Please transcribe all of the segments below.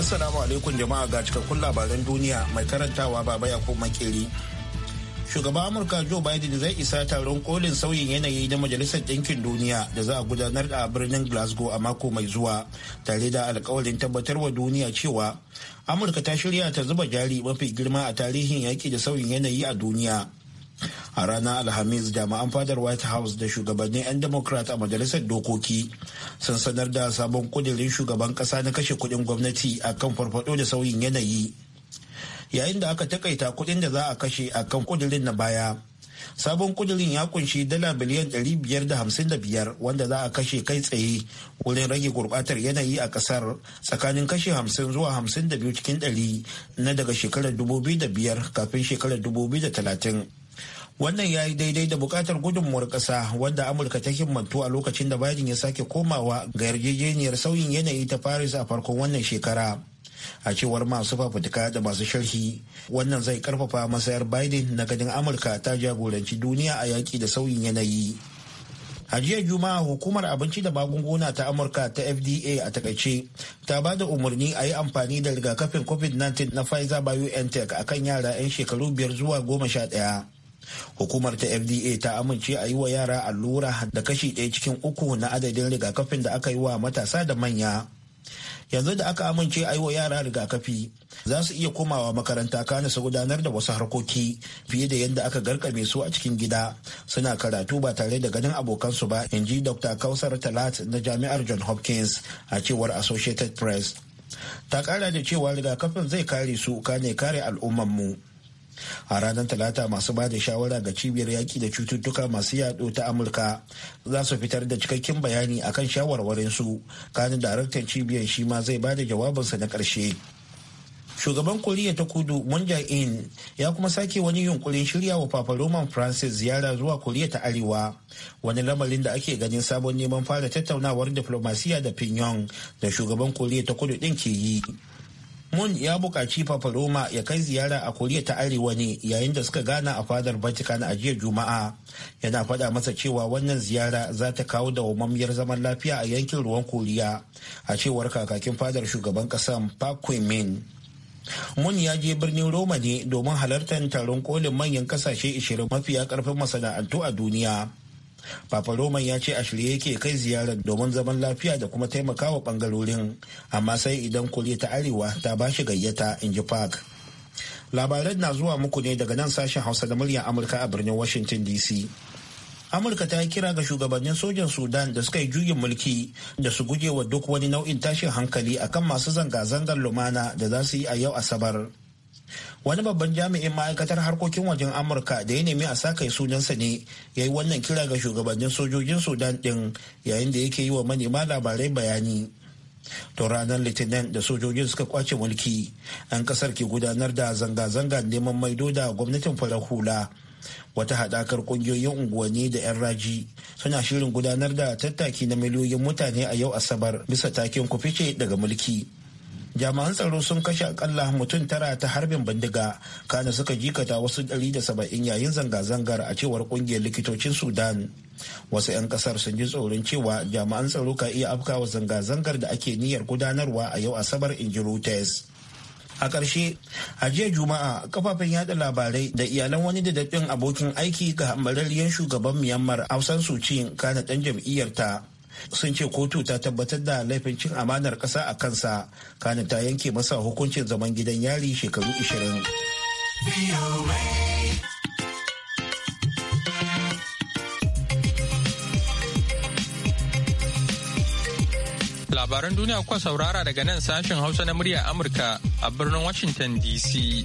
Assalamu alaikum jama'a ga cikakkun labaran duniya mai karantawa baba ya ko makeri. Shugaban Amurka Joe Biden zai isa taron kolin sauyin yanayi na Majalisar Ɗinkin Duniya da za a gudanar a birnin Glasgow a mako mai zuwa tare da alkawarin tabbatarwa duniya cewa Amurka ta shirya ta zuba jari mafi girma a tarihin yaƙi da sauyin yanayi a duniya. a ranar alhamis jama'an fadar white house da shugabannin 'yan democrat a majalisar dokoki sun sanar da sabon kudirin shugaban kasa na kashe kudin gwamnati a kan farfado da sauyin yanayi yayin da aka takaita kudin da za a kashe a kan kudirin na baya sabon kudirin ya kunshi dala biliyan 555 wanda za a kashe kai tsaye wurin rage gurbatar yanayi a kasar tsakanin kashe 50 zuwa 52 cikin 100 na daga shekarar 2005 kafin shekarar 2030 wannan ya yi daidai da bukatar gudunmuwar ƙasa wadda amurka ta himmantu a lokacin da biden ya sake komawa ga yarjejeniyar sauyin yanayi ta paris a farkon wannan shekara a cewar masu fafutuka da masu sharhi wannan zai karfafa masayar biden na gadin amurka ta jagoranci duniya a yaƙi da sauyin yanayi a jiya juma'a hukumar abinci da magunguna ta amurka ta fda a takaice ta ba da umarni a yi amfani da rigakafin covid-19 na pfizer biontech akan yara 'yan shekaru biyar zuwa goma sha ɗaya hukumar ta fda ta amince a yi wa yara allura da kashi ɗaya cikin uku na adadin rigakafin da aka yi wa matasa da manya yanzu da aka amince a yi wa yara rigakafi za su iya komawa makaranta kana su gudanar da wasu harkoki fiye da yadda aka garkame su a cikin gida suna karatu ba tare da ganin abokansu ba in ji dr kausar talat na jami'ar john hopkins a cewar associated press ta kara da cewa rigakafin zai kare su kane kare al'ummanmu mu a ranar talata masu ba da shawara ga cibiyar yaki da cututtuka masu yaɗo ta amurka za su fitar da cikakken bayani akan su kanin daraktan cibiyar shi ma zai ba da jawabinsa na ƙarshe shugaban koriya ta kudu moon in ya kuma sake wani yunkurin shirya wa papa roman francis ziyara zuwa koriya ta arewa wani lamarin da ake ganin sabon neman fara tattaunawar diflomasiya da pinyon da shugaban koriya ta kudu din ke yi Moon ya buƙaci Roma ya kai ziyara a Koriya ta Arewa ne yayin da suka gana a fadar Vatican a jiya Juma'a. Yana faɗa masa cewa wannan ziyara za ta kawo dawwammamiyar zaman lafiya a yankin ruwan Koriya, a cewar kakakin fadar shugaban ƙasar Park Min. Mun ya je birnin Roma ne domin halartar taron kolin manyan kasashe 20 mafiya karfin masana'antu a duniya Papa Roman ya ce a shirye yake kai ziyarar domin zaman lafiya da kuma taimakawa bangarorin, amma sai idan kuri ta Arewa ta ba shi gayyata, in ji Park. Labaran na zuwa muku ne daga nan sashen Hausa da muryar Amurka a birnin Washington DC. Amurka ta yi kira ga shugabannin sojan Sudan da suka yi juyin mulki da su guje wa duk wani nau'in tashin hankali akan masu zanga-zangar lumana da za su yi a yau Asabar. wani babban jami'in ma'aikatar harkokin wajen amurka da ya nemi a sa kai sunansa ne ya yi wannan kira ga shugabannin sojojin sudan din yayin da yake yi wa manema labarai bayani to ranar litinin da sojojin suka kwace mulki an kasar ke gudanar da zanga-zanga neman maido da gwamnatin farar hula wata haɗakar ƙungiyoyin unguwanni da 'yan raji suna shirin gudanar da tattaki na miliyoyin mutane a yau asabar bisa takin kufice daga mulki jami'an tsaro sun kashe akalla mutum tara ta harbin bindiga kana suka jikata wasu 170 yayin zanga-zangar a cewar kungiyar likitocin sudan wasu 'yan kasar sun ji tsoron cewa jami'an tsaro ka iya afkawa zanga-zangar da ake niyyar gudanarwa a yau asabar ji reuters a ƙarshe a jiya juma'a kafafen yada labarai da iyalan wani da daɗin abokin aiki ga hambararriyar shugaban myanmar hausan suci kana ɗan ta. sun ce kotu ta tabbatar da laifin cin amanar ƙasa a kansa kana ta yanke masa hukuncin zaman gidan yari shekaru 20 labaran duniya kuwa saurara daga nan sashen hausa na murya amurka a birnin washington dc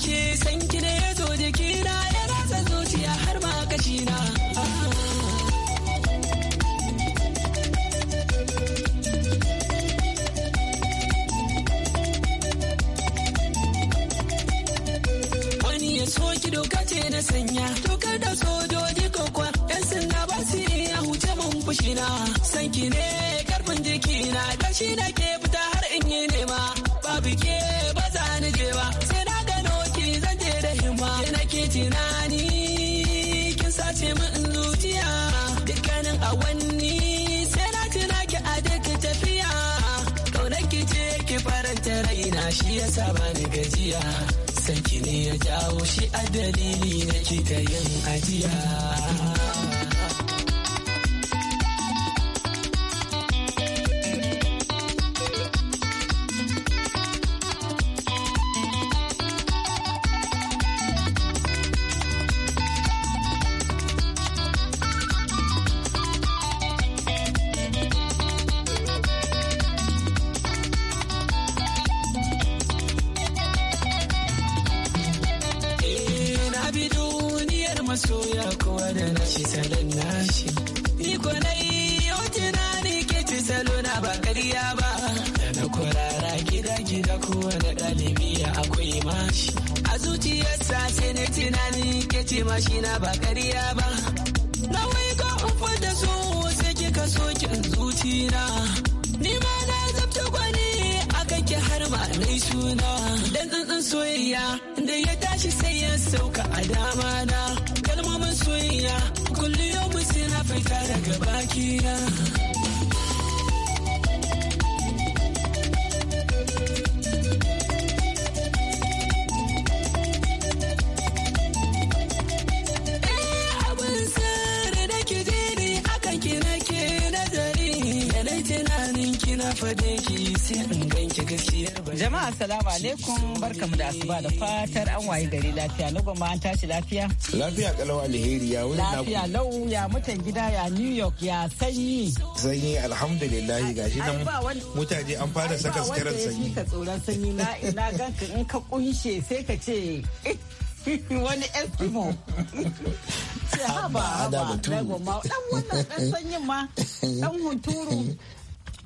ashe san ki da ya zo jikina ya zuciya har ma kashina wani ya doka ce na sanya dokar da sojoji kokwa yan sanda ba su iya huce mun fushina san ki ne ya saba ni gajiya sanki ne ya jawo shi a dalili na kika ta yin ajiya albashi na ba karya ba na wai ko da so sai kika zuci na. ni ma na zabta gwani a ki har ma nai suna dan tsuntsun soyayya da ya tashi sai ya sauka a dama na kalmomin soyayya kullum yau mu sai na fita daga bakina jama'a salamu alaikum barkamu da asuba da fatar an waye gari lafiya na gwamma an tashi lafiya lafiya kalawa alheri ya wuri lafiya lau ya mutan gida ya new york ya sanyi sanyi alhamdulillah ga shi nan mutane an fara saka sukaran sanyi ka tsoron sanyi na ina ganka in ka kunshe sai ka ce eh, wani eskimo ce haba haba na gwamma dan wannan dan sanyin ma dan hunturu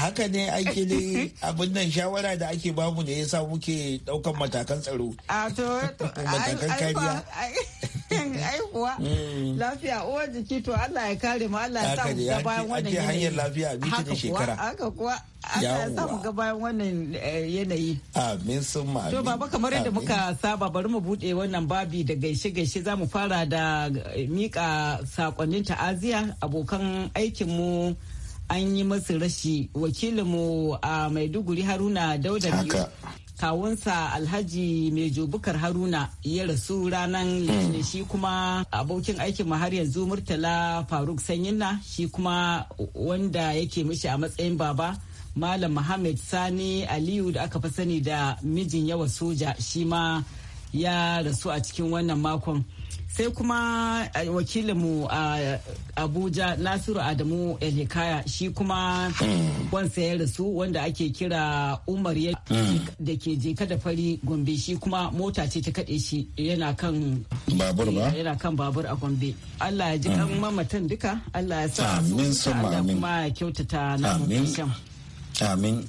haka ne ake ne abin nan shawara da ake bamu ne yasa muke daukan matakan tsaro matakan kariya aihuwa mm. lafiya uwar jiki to Allah ya kare mu Allah ya sa mu ga bayan wannan yanayi hanyar lafiya biki da shekara haka kuwa Allah ya samu ga bayan wannan eh, yanayi amin sun ma to baba kamar yadda muka saba bari mu bude wannan babi da gaishe gaishe zamu fara da eh, mika sakonnin ta'aziya abokan aikin mu an yi masu rashi wakilinmu a maiduguri haruna dauda biyu kawunsa alhaji mejo bukar haruna ya rasu ranar hmm. litinin shi kuma abokin aikin mu har yanzu murtala faruk sanyinna shi kuma wanda yake mishi a matsayin baba malam muhammad sani aliyu da aka fi sani da mijin yawa soja shi ma ya rasu a cikin wannan makon sai kuma eh, wakilinmu a abuja nasiru adamu elhikaya shi kuma wansa ya rasu wanda ake kira umar da ke jeka da fari gombe shi kuma mota ce ta kaɗe shi yana kan babur ba eh, a gombe allah ya ji kan mm. mamatan duka allah ya sa su kuma kyautata na amin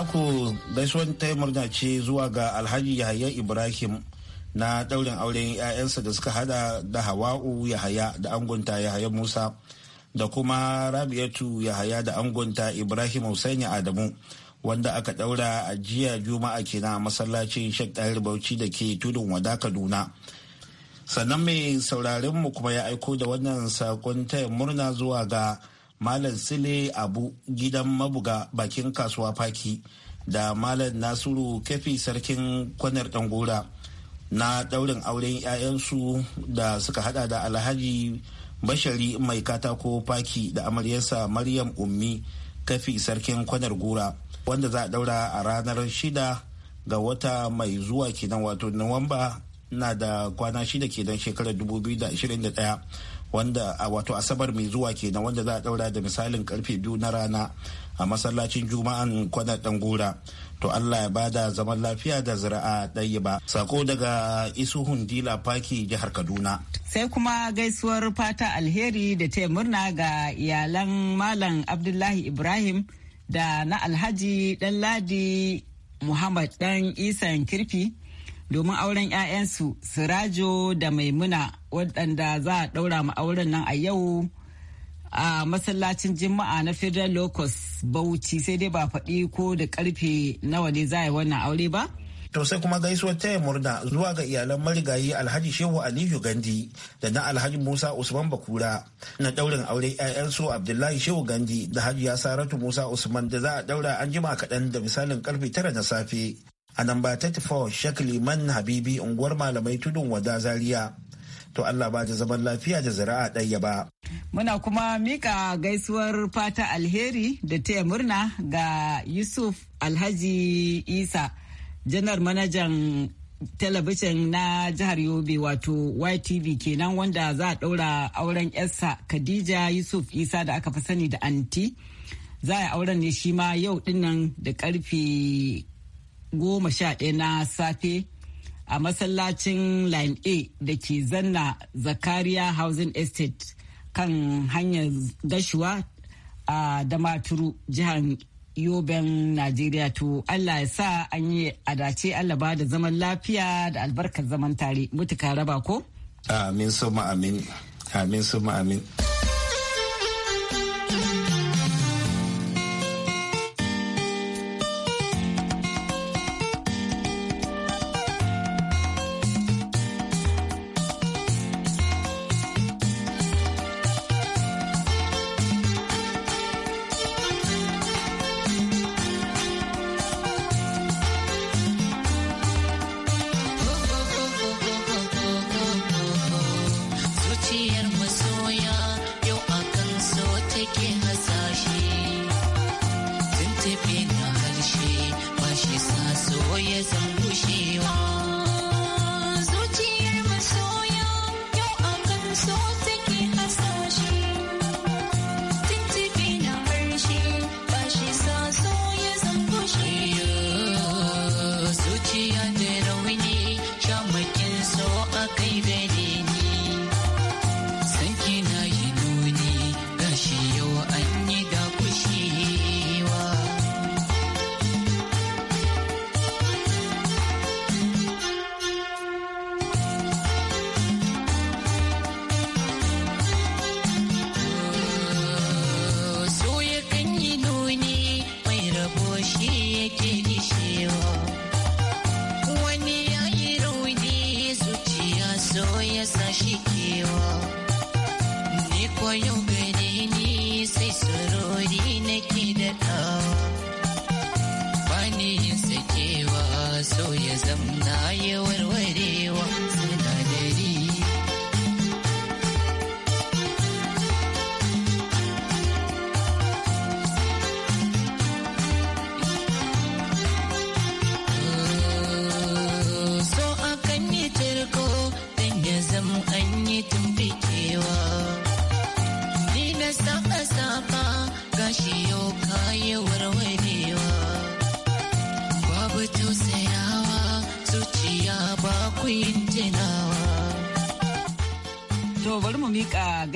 naku gaisuwan ta murna ce zuwa ga alhaji yahaya ibrahim na daurin auren 'ya'yansa da suka hada da hawa'u yahaya da angonta yahaya musa da kuma rabiatu yahaya da angonta ibrahim hussaini adamu wanda aka daura a jiya juma'a kenan masallacin shek ɗayar bauchi da ke tudun wada kaduna sannan mai sauraren mu kuma ya aiko da wannan sakon taya murna zuwa ga Malam Sile Abu gidan mabuga bakin kasuwa Faki da Malam Nasiru kafi sarkin kwanar Dangora na daurin auren 'ya'yansu da suka hada da Alhaji Bashari mai katako Faki da amaryarsa Maryam Ummi kafi sarkin kwanar Gora wanda za a daura a ranar shida ga wata mai zuwa kenan wato Nuwamba na da kwana shida kenan shekarar 2021 wanda a wato asabar mai zuwa kenan wanda za a daura da misalin karfe biyu na rana a masallacin juma'an kwanar gora to allah ya bada zaman lafiya da zira'a ɗaya ba sako daga isuhun dila paki jihar kaduna sai kuma gaisuwar fata alheri da ta murna ga iyalan malam abdullahi ibrahim da na alhaji dan ladi muhammad dan isan kirfi domin auren 'ya'yansu Sirajo da Maimuna waɗanda za a ɗaura mu auren nan a yau a masallacin Juma'a na Federal Locus Bauchi sai dai ba faɗi ko da karfe nawa ne za a yi wannan aure ba. To sai kuma gaisuwar taya murna zuwa ga iyalan marigayi Alhaji Shehu Aliyu Gandi da na Alhaji Musa Usman Bakura na daurin aure 'ya'yansu Abdullahi Shehu Gandi da Hajiya Saratu Musa Usman da za a daura an jima kaɗan da misalin karfe tara na safe a namba 34 Sheikh Liman Habibi unguwar malamai tudun wada Zaria. To Allah ba da zaman lafiya da zira'a ɗaya ba. Muna kuma mika gaisuwar fata alheri da taya murna ga Yusuf Alhaji Isa, janar manajan talabijin na jihar Yobe wato YTV kenan wanda za a ɗaura auren yarsa Khadija Yusuf Isa da aka fi sani da anti. Za a auren ne shi ma yau dinnan da karfe goma sha ɗaya na safe a masallacin line a da ke zanna Zakariya housing estate kan hanyar gashuwa a damaturu jihar yoben najeriya to allah ya sa an yi adace allah ba da zaman lafiya da albarkar zaman tare mutuka raba ko amin amin amin suma amin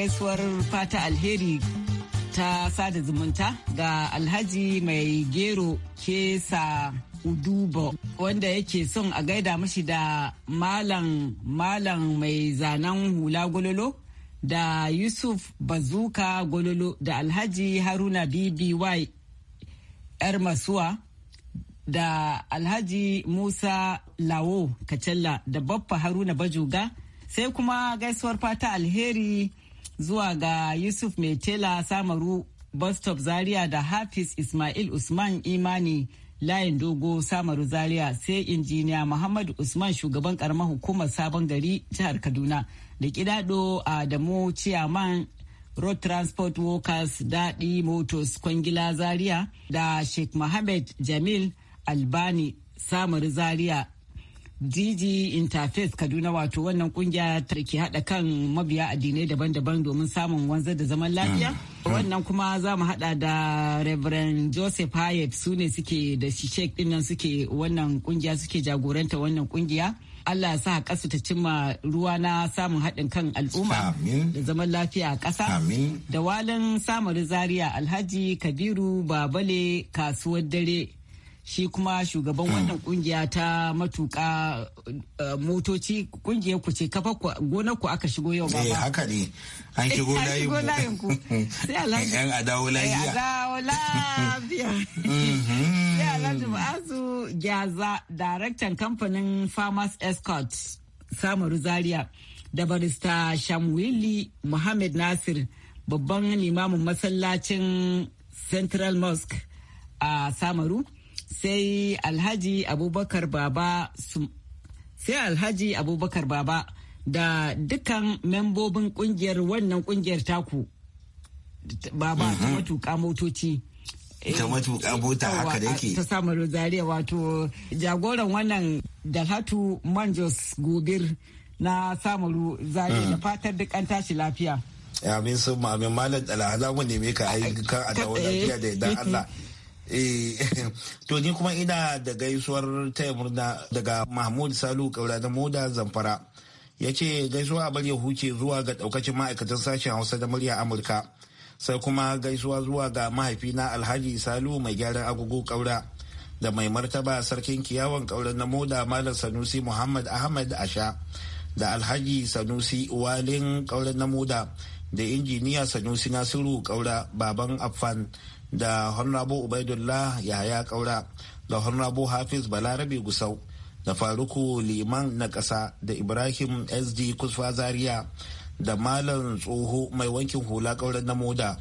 gaisuwar fata alheri ta sada zumunta ga alhaji mai gero kesa udubo wanda yake son a gaida mashi da malam malam mai zanen hula gololo da yusuf bazuka gololo da alhaji haruna bby yar masuwa da alhaji musa lawo kacella da baffa haruna bajuga sai kuma gaisuwar fata alheri zuwa ga Yusuf Mai Tela Samaru Bostop Zaria da Hafiz Ismail Usman Imani layin dogo Samaru Zaria sai injiniya Muhammad Usman shugaban karamar hukumar Sabon Gari jihar Kaduna da kidado Adamu Ciyaman Road Transport Workers Daɗi Motors Kwangila Zaria da Sheikh Mohammed Jamil Albani Samaru Zaria DG Interface Kaduna wato wannan kungiya ta ke haɗa kan mabiya addinai daban-daban domin samun wanzar da zaman lafiya. Mm. Mm. Wannan kuma za mu haɗa da Reverend Joseph Hayek su ne suke da shek din nan suke wannan kungiya suke jagoranta wannan kungiya. Allah ya sa ƙasa ta cimma ruwa na samun haɗin kan al'umma da zaman lafiya a ƙasa. Da walin samun zaria Alhaji Kabiru Babale kasuwar dare. shi kuma shugaban hmm. wannan kungiya ta matuka eh, motoci kungiyar ku ce kafa gonar ku aka shigo yau baba. Eh haka ne an shigo layin ku. Sai alhaji. Yan adawo eh, lafiya. Adawo lafiya. Mm-hmm. Sai alhaji Ma'azu Gyaza daraktan kamfanin Farmers Escort Samaru Zaria da barista Shamwili Muhammad Nasir babban limamin masallacin Central Mosque a Samaru. sai alhaji abubakar baba sai alhaji abubakar baba da dukkan membobin kungiyar wannan kungiyar taku baba ta mhm. matuka motoci eh, ta matuka mota haka da yake ta samun zaria wato jagoran wannan dalhatu manjos gobir na samaru zaria mm. da fatar duk an tashi lafiya amin sun amin malam alhala wani ne ka kan adawa eh, lafiya da idan eh, Allah Eh, to ni kuma ina da gaisuwar taya murna daga mahmud salu kaura na moda zamfara ya ce gaisuwa a bar huce zuwa ga daukacin ma'aikatan sashen hausa da murya amurka sai kuma gaisuwa zuwa ga mahaifina alhaji salu mai gyaran agogo kaura da mai martaba sarkin kiyawan kaura na moda malam sanusi muhammad ahmad asha da alhaji sanusi walin kaura na moda da injiniya sanusi nasiru kaura baban affan da Honorable Ubaidullah Yahaya Kaura da Honorable Hafiz Balarabe Gusau da Faruku Liman na ƙasa da Ibrahim SD Kusfa Zaria da Malam Tsoho mai wankin hula ƙauren na moda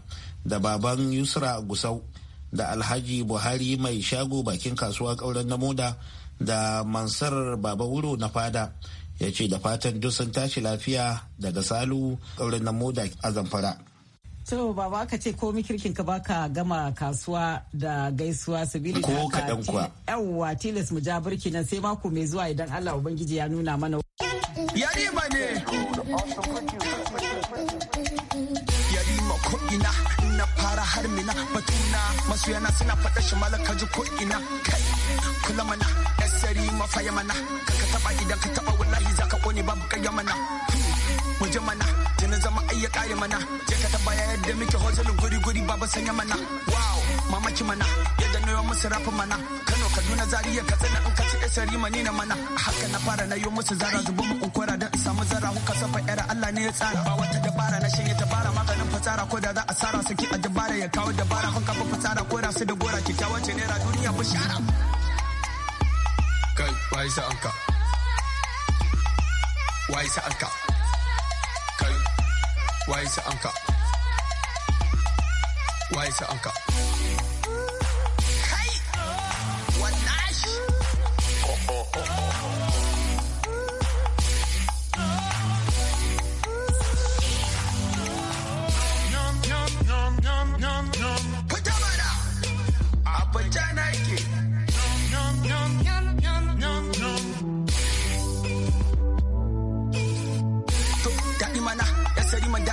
da Baban Yusra Gusau da Alhaji Buhari mai shago bakin kasuwa ƙauren na moda da Mansar Baba Wuro na fada ya ce da fatan duk sun tashi lafiya daga Salu ƙauren na moda a Zamfara. So baba ka ce komi kirkin ka baka gama kasuwa da gaisuwa sabili ko ka kuwa. Yawwa tilas mu ja birki nan sai mako mai zuwa idan Allah Ubangiji ya nuna mana. Yari ba ne. Yari ma ko na fara har mina batuna masu yana suna faɗa shi malaka ji ko ina kai kula mana yasari mafaya mana ka taba idan ka taba wallahi zaka kone babu kayan Mu mana zama ai ya kare mana je ka taba ya yadda muke hotelin guri guri baba sanya mana wow mamaki mana yadda na musu rafa mana kano kaduna zariya tsana in ka ci isari mani na mana haka na fara na musu zara zubu mu kwara da samu zara huka safa era allah ne ya tsara ba wata dabara na shanye dabara maganin fasara ko da za a sara saki a dabara ya kawo dabara kun kafa fasara ko da su da gora kyakkyawan ce naira duniya bishara kai is a cup? Why is it anchor? Why is it anchor?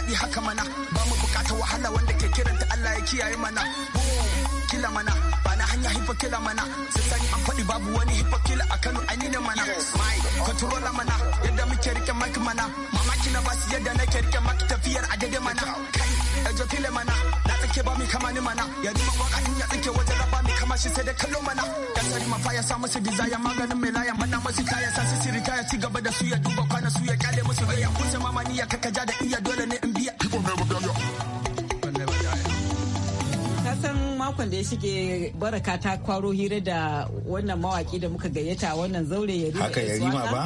daɗi haka mana ba mu bukata wahala wanda ke kiranta Allah ya kiyaye mana kila mana ba na hanya hipa kila mana sai sani an faɗi babu wani hipa kila a Kano an yi ne mana mai controller mana yadda muke rike mic mana mamaki na basu yadda nake rike mic tafiyar a mana kai ejo kila mana ake ba mi kama ni mana ya rima mawa in ya tsinke wajen raba mi kama shi sai da kallo mana dan ma fa ya sa musu biza maganin mai laya mana musu kaya sa su sirita ya ci gaba da su ya duba kwana su ya kale musu ya kun mama ni ya kakaja da iya dole ne in biya san makon da ya shige baraka ta kwaro hira da wannan mawaki da muka gayyata wannan zaure ya rima haka ya rima ba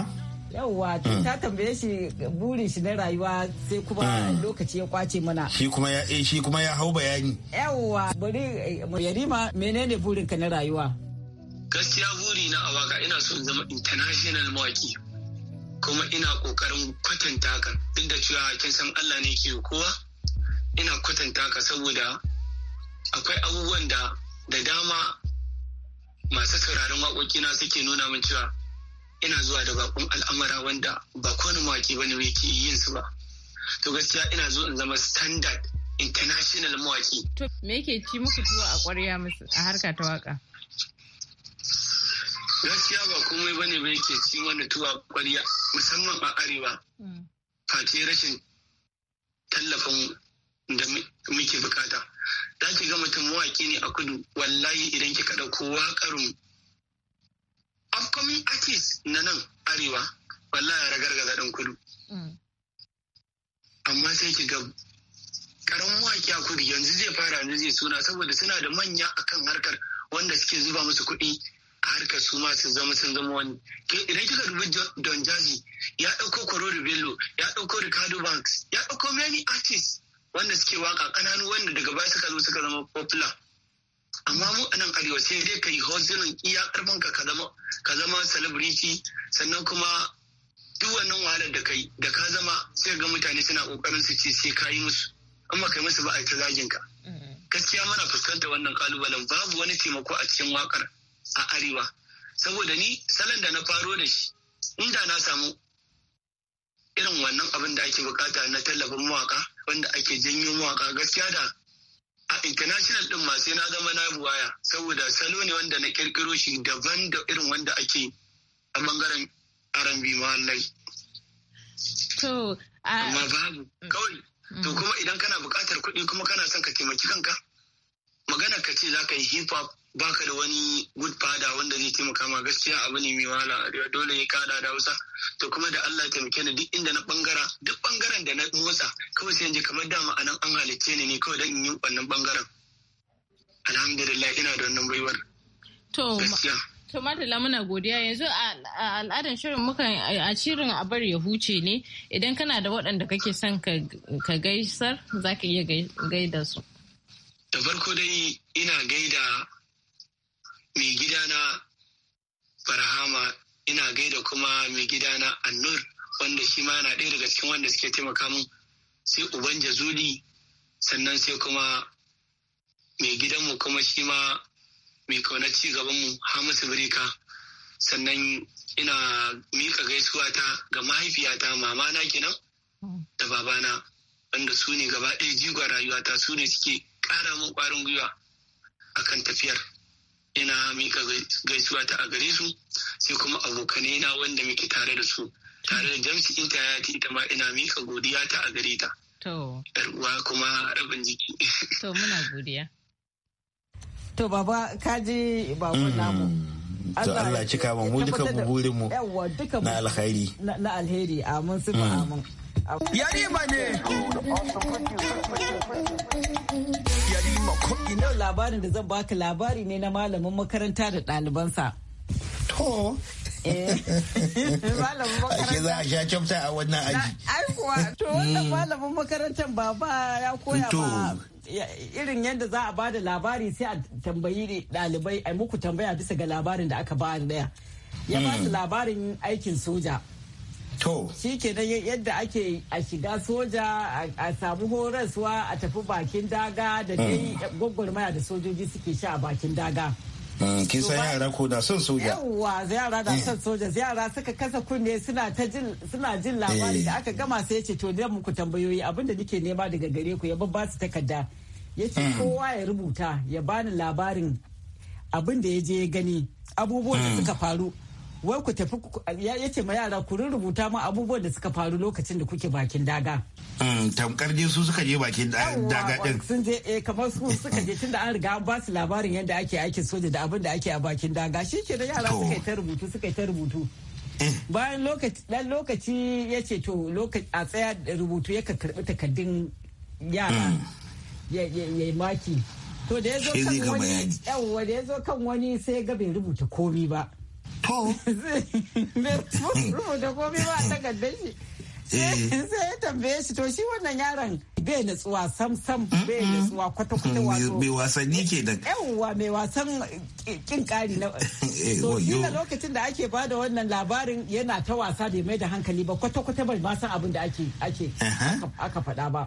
yawwa mm. ta tambaye shi burin shi na rayuwa sai kuma mm. lokaci ya kwace mana shi kuma ya eh, shi kuma ya hau bayani yawwa bari eh, yarima menene burin ka na rayuwa gaskiya buri na awaka ina son zama international mawaki kuma ina kokarin kwatanta ka duk da cewa kin san Allah ne ke kowa ina kwatanta ka saboda akwai abubuwan da da dama masu sauraron waƙoƙina suke nuna min cewa ina zuwa da bakon al'amura wanda ba kowane mawaki ba ne yake yin su ba to gaskiya ina zuwa in zama standard international mawaki to me yake ci muku tuwo a ƙwarya musu a harka ta waka gaskiya ba komai bane ba yake ci wani tuwo a ƙwarya musamman a arewa hmm. face rashin tallafin da muke bukata za ki ga mutum mawaki ne a kudu wallahi idan kika ɗauko waƙarun komi akis na nan arewa wallahi ragargaza ɗan kudu mm. amma sai ki ga karamin waki a kudu yanzu zai fara yanzu zai suna saboda suna da manya akan harkar wanda suke zuba musu kuɗi a harkar su ma su zama sun zama wani idan kika dubi don jazi ya ɗauko kororo bello ya ɗauko ricardo banks ya ɗauko many artists wanda suke waka ƙananu wanda daga baya suka zo suka zama popular amma mu a nan arewa sai dai ka yi hozinin iya karfin ka ka zama celebrity sannan kuma duk wannan wahalar da kai da ka zama sai ga mutane suna kokarin su ce sai ka yi musu amma kai musu ba a yi ta zagin ka mm-hmm. gaskiya muna fuskantar wannan kalubalen babu wani taimako a cikin wakar a arewa saboda ni salon da na faro da shi inda na samu irin wannan abin da ake bukata na tallafin mawaka wanda ake janyo mawaka gaskiya da international din ma sai na zama na buwaya saboda salo ne wanda na kirkiro shi daban da irin wanda ake a bangaren R&B mahallai. To, amma babu mm. kawai to mm. kuma idan kana bukatar kuɗi kuma kana son ka taimaki kanka magana ka ce za ka yi hip hop baka da wani good father wanda zai taimaka ma gaskiya abu ne mai wahala dole ya kada da hausa to kuma da Allah taimake ni duk inda na bangara duk bangaren da na motsa kawai sai ji kamar dama nan an halicce ni ne kawai dan in yi wannan bangaren alhamdulillah ina da wannan baiwar to gaskiya to madalla muna godiya yanzu a al'adar shirin muka a shirin a bar ya huce ne idan kana da waɗanda kake son ka gaisar zaka iya gaida su da farko dai ina gaida mai gidana barhama ina gaida kuma mai gidana annur wanda shi ma yana ɗaya daga cikin wanda suke taimaka min sai uban jazuli sannan sai kuma mai gidanmu kuma shi ma mai kauna ci gabanmu hamisu birika sannan ina mika gaisuwa ta ga mahaifiyata mamana kenan da babana wanda su ne gaba ɗaya jigon rayuwata su ne suke ƙara mun ƙwarin gwiwa akan tafiyar ina mika gaisuwa ta a gare su sai kuma abokanai na wanda muke tare da su tare da jamsi inta ya ta ita ma ina mika godiya ta a gare ta. To. uwa kuma rabin jiki. To muna godiya. To baba kaji babu mm. namu. to Allah cika mu mu duka burin mu na alheri na alheri amin sifa mm. amin Yarima ne. Yarima Yau labarin da zan baka labari ne na malamin makaranta da ɗalibansa. To. Eh. Malamin Ake za a sha camta a wannan aji. Ai kuwa, to wannan hmm. malamin makarantar baba ya koya ba. irin yadda za a ba da labari sai a tambayi ɗalibai a muku tambaya bisa ga labarin da aka ba daya. Ya ba su hmm. labarin aikin soja. To. Shi kenan yadda ake a shiga soja a samu horaswa a tafi bakin daga da hmm. dai gwagwarmaya da sojoji suke sha a bakin daga. Hmm, kin san yara ko na son soja yawwa yara na hmm. son soja yara suka kasa kunne suna jin suna labari eh. da aka gama sai yace to dan muku tambayoyi abinda nake nema daga gare ku ya babba su takarda yace kowa ya rubuta ya bani labarin abinda ya je ya gani abubuwan da suka faru wai ku tafi ya ce ma yara ku rubuta ma abubuwan da suka faru lokacin da kuke bakin daga. Mm, tamkar je su suka je bakin eh, daga din. sun je eh kamar su suka je tunda an riga an ba su labarin yadda ake aikin soja da abin da ake a bakin daga shi ke da yara suka yi ta rubutu suka yi ta rubutu. Eh. bayan lokaci dan lokaci ya ce to lokaci a tsaya rubutu ya karbi takardun yara mm. ya maki to da ya zo kan wani sai ga bai rubuta komi ba. ko komai ba shi eh. sai ya tambaye shi to shi wannan yaron bai natsuwa sam sam bai natsuwa kwata kwata wato mai wasanni ke da yawwa mai wasan kin kari na eh, so shi na lokacin da ake bada wannan labarin yana ta wasa da mai da hankali ba kwata kwata bai ma san abin da ake ake aka faɗa ba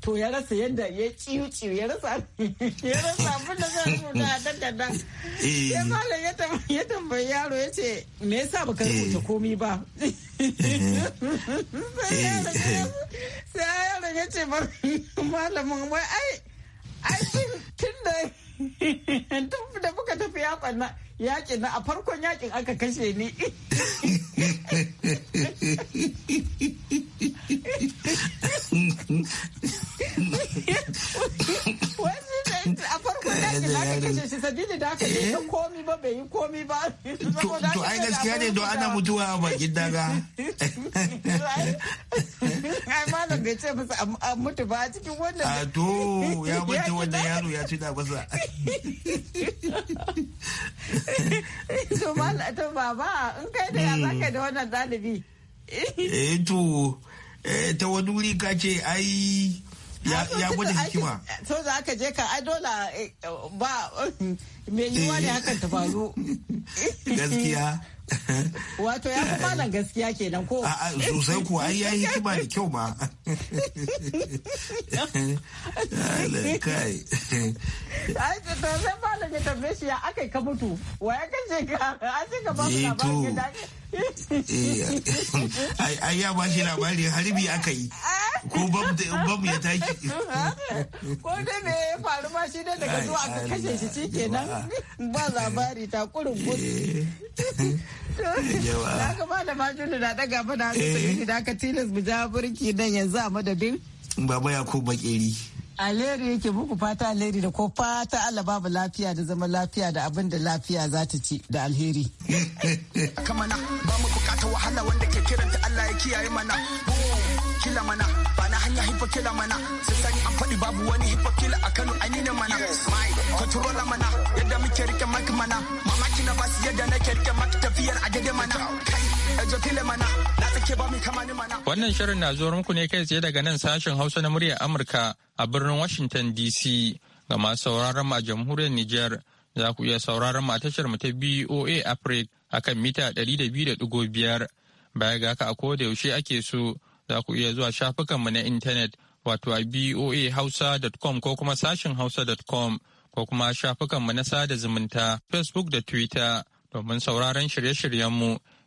to ya rasa yadda ya ciyu ya rasa ya rasa abin da zai rubuta a takarda eh. ya malam ya tambayi yaro ya ce me yasa baka eh. rubuta komi ba sai eh. yaro ya ce malamin wai ai ai tun da muka tafi ya kwanna yakin na a farkon yakin aka kashe ni a farkon yakin da to ai gaskiya ne don ana mutuwa a bakin daga ai malam bai ce masa a mutu ba a cikin wannan a to ya mutu wannan yaro ya ci da masa to mala to baba in kai da ya zaka da wannan dalibi eh to ta wani wuri ka ce ai ya gwada hikima to za ka je ka ai dole ba me yiwa ne hakan ta faru gaskiya wato ya kuma malam gaskiya kenan ko a'a sosai kuwa ai yayi hikima da kyau ma kai ai to sai ba ya tambaye shi ya akai ka mutu wa ya kace ka an ce ka ba mu eh, labarin eh, ai ya ba shi labari harbi aka yi ko bam ya taki ko dai me ya faru ma shi ne daga zuwa aka kashe shi shikenan ba labari ta kurin gudu yawa da aka ba da majinu na daga ba eh. da aka tilas mu ja burki nan yanzu a madadin baba ko bakeri alheri yake muku fata alheri da ko fata Allah babu lafiya da zama lafiya da abin da lafiya za ta ci da alheri. Kamana ba mu bukata wahala wanda ke kiranta Allah ya kiyaye mana. Oh, kila mana ba na hanya hifa kila mana sai sani an faɗi babu wani hifa kila a Kano an yi mana. Mai controller mana yadda muke rike mak mana mamaki na basu yadda nake rike mak tafiyar a daidai mana. Kai Wannan shirin na zuwa muku ne kai tsaye daga nan sashen Hausa na muryar Amurka a birnin Washington DC ga masu sauraron ma jamhuriyar Nijar za ku iya sauraron mu a tashar mu ta BOA Africa akan mita 200.5 baya ga haka a koda yaushe ake so za ku iya zuwa shafukan mu na intanet wato a boahausa.com ko kuma sashen hausa.com ko kuma shafukan mu na sada zumunta Facebook da Twitter domin sauraron shirye-shiryen mu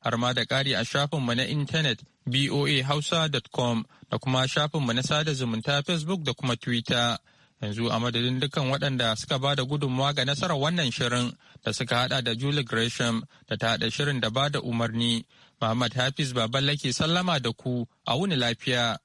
har ma da ƙari a shafinmu na intanet boahausa.com da kuma shafinmu na sada zumunta facebook da kuma twitter yanzu a madadin dukkan waɗanda suka ba da gudunmawa ga nasarar wannan shirin da suka hada da julie gresham da ta haɗa shirin da ba da umarni muhammad hafiz baballa ke sallama da ku a wuni lafiya